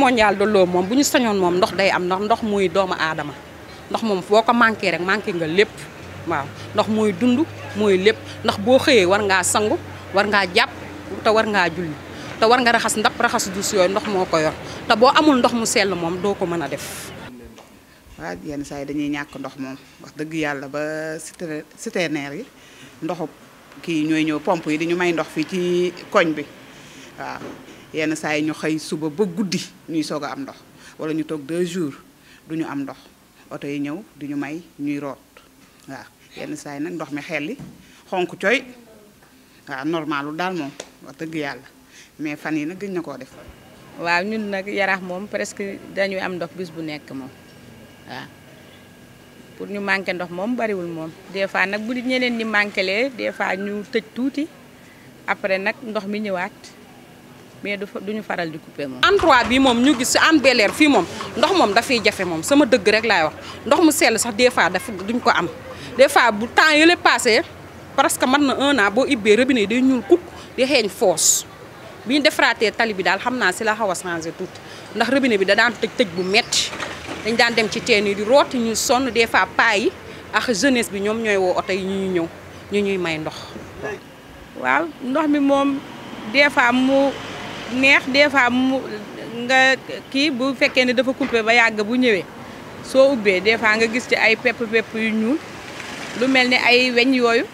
mondial de l'eau moom bu ñu sañoon moom ndox day am ndax ndox mooy doomu aadama ndox moom boo ko manqué rek manqué nga lépp waaw ndox mooy dund mooy lépp ndax boo xëyee war ngaa sangu war ngaa jàpp te war ngaa julli te war nga raxas ndap raxas du yooyu ndox moo ko yor te boo amul ndox mu sell moom doo ko mën a def. waaw yenn saa yi dañuy ñàkk ndox moom wax dëgg yàlla ba neer yi ndoxu kii ñooy ñëw pompe yi di may ndox fii ci koñ bi waaw. yenn saa yi ñu xëy suba ba guddi ñuy soog a am ndox wala ñu toog deux jours du ñu am ndox oto yi ñëw du ñu may ñuy root waaw yenn saa yi nag ndox mi xelli li xonk cooy waaw normalu daal moom wax dëgg yàlla mais fan yi nag gën na koo def. waa ñun nag yarax moom presque dañuy am ndox bis bu nekk moom waaw pour ñu manqué ndox moom bariwul moom des fois nag bu ñeneen ñi manqué lee des fois ñu tëj tuuti après nag ndox mi ñëwaat. mais du ñu faral di couper moom. Hann 3 bi moom ñu gis Hann Bel-Air fii moom ndox moom dafay jafe moom sama dëgg rek laay wax ndox mu sell sax des fois daf duñ ko am des fois bu temps yële passé presque mat na un an boo ibbee robinet day ñuul kukk di xeeñ foos bi ñu defaraatee tali bi daal xam naa si la xaw a changé tuuti ndax robinet bi da daan tëj tëj bu metti dañ daan dem ci teen yi di rooti ñu sonn des fois paa yi ak jeunesse bi ñoom ñooy woo oto yi ñu ñëw ñu ñuy may ndox waaw ndox mi moom des mu. neex des fois mu nga ki bu fekke ni dafa couper ba yag bu ñewé so ubbé des fois nga gis ci ay pep pep yu ñuul lu melni ni ay wéñ yoyu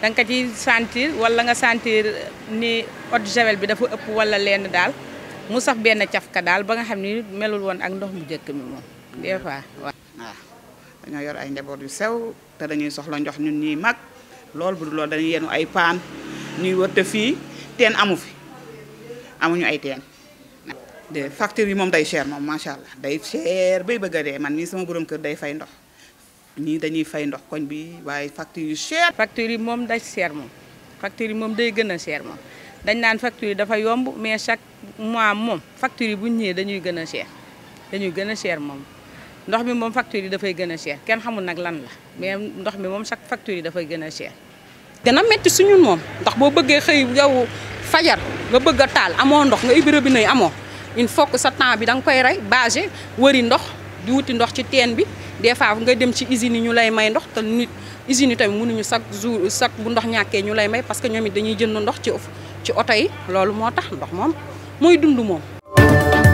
dang ka ci sentir wala nga sentir ni hot javel bi dafa upp wala lén dal mu sax benn cafka dal ba nga xamni melul won ak ndox mu jëkk mi mom des fois waaw ah, yor ay yu sew té dañuy soxla njox ñun ñuy mag lool bu dul dañuy yenu ay pan ñuy wërte fi ten amu fi amuñu ay teen. de facture yi moom day cher moom macha allah day cher bay bëgg a dee man mii sama borom kër day fay ndox ñii dañuy fay ndox koñ bi waaye facture yu cher. facture yi moom day cher moom facture yi moom day gën a cher moom dañ naan facture yi dafa yomb mais chaque mois moom facture yi bu ñu dañuy gën a cher dañuy gën a cher moom ndox mi moom facture yi dafay gën a cher kenn xamul nag lan la mais ndox mi moom chaque facture yi dafay gën a cher. gën a métti suñu moom ndax boo bëggee xëy yow fajar. nga bëgg a taal amoo ndox nga ubbi robinet yi amoo il faut que sa temps bi da nga koy rey bagé wëri ndox di wuti ndox ci teen bi des fois nga dem ci usines yi ñu lay may ndox te nit usines yi tamit mënuñu chaque jour chaque bu ndox ñàkkee ñu lay may parce que ñoom it dañuy jënd ndox ci ci oto yi loolu moo tax ndox moom mooy dund moom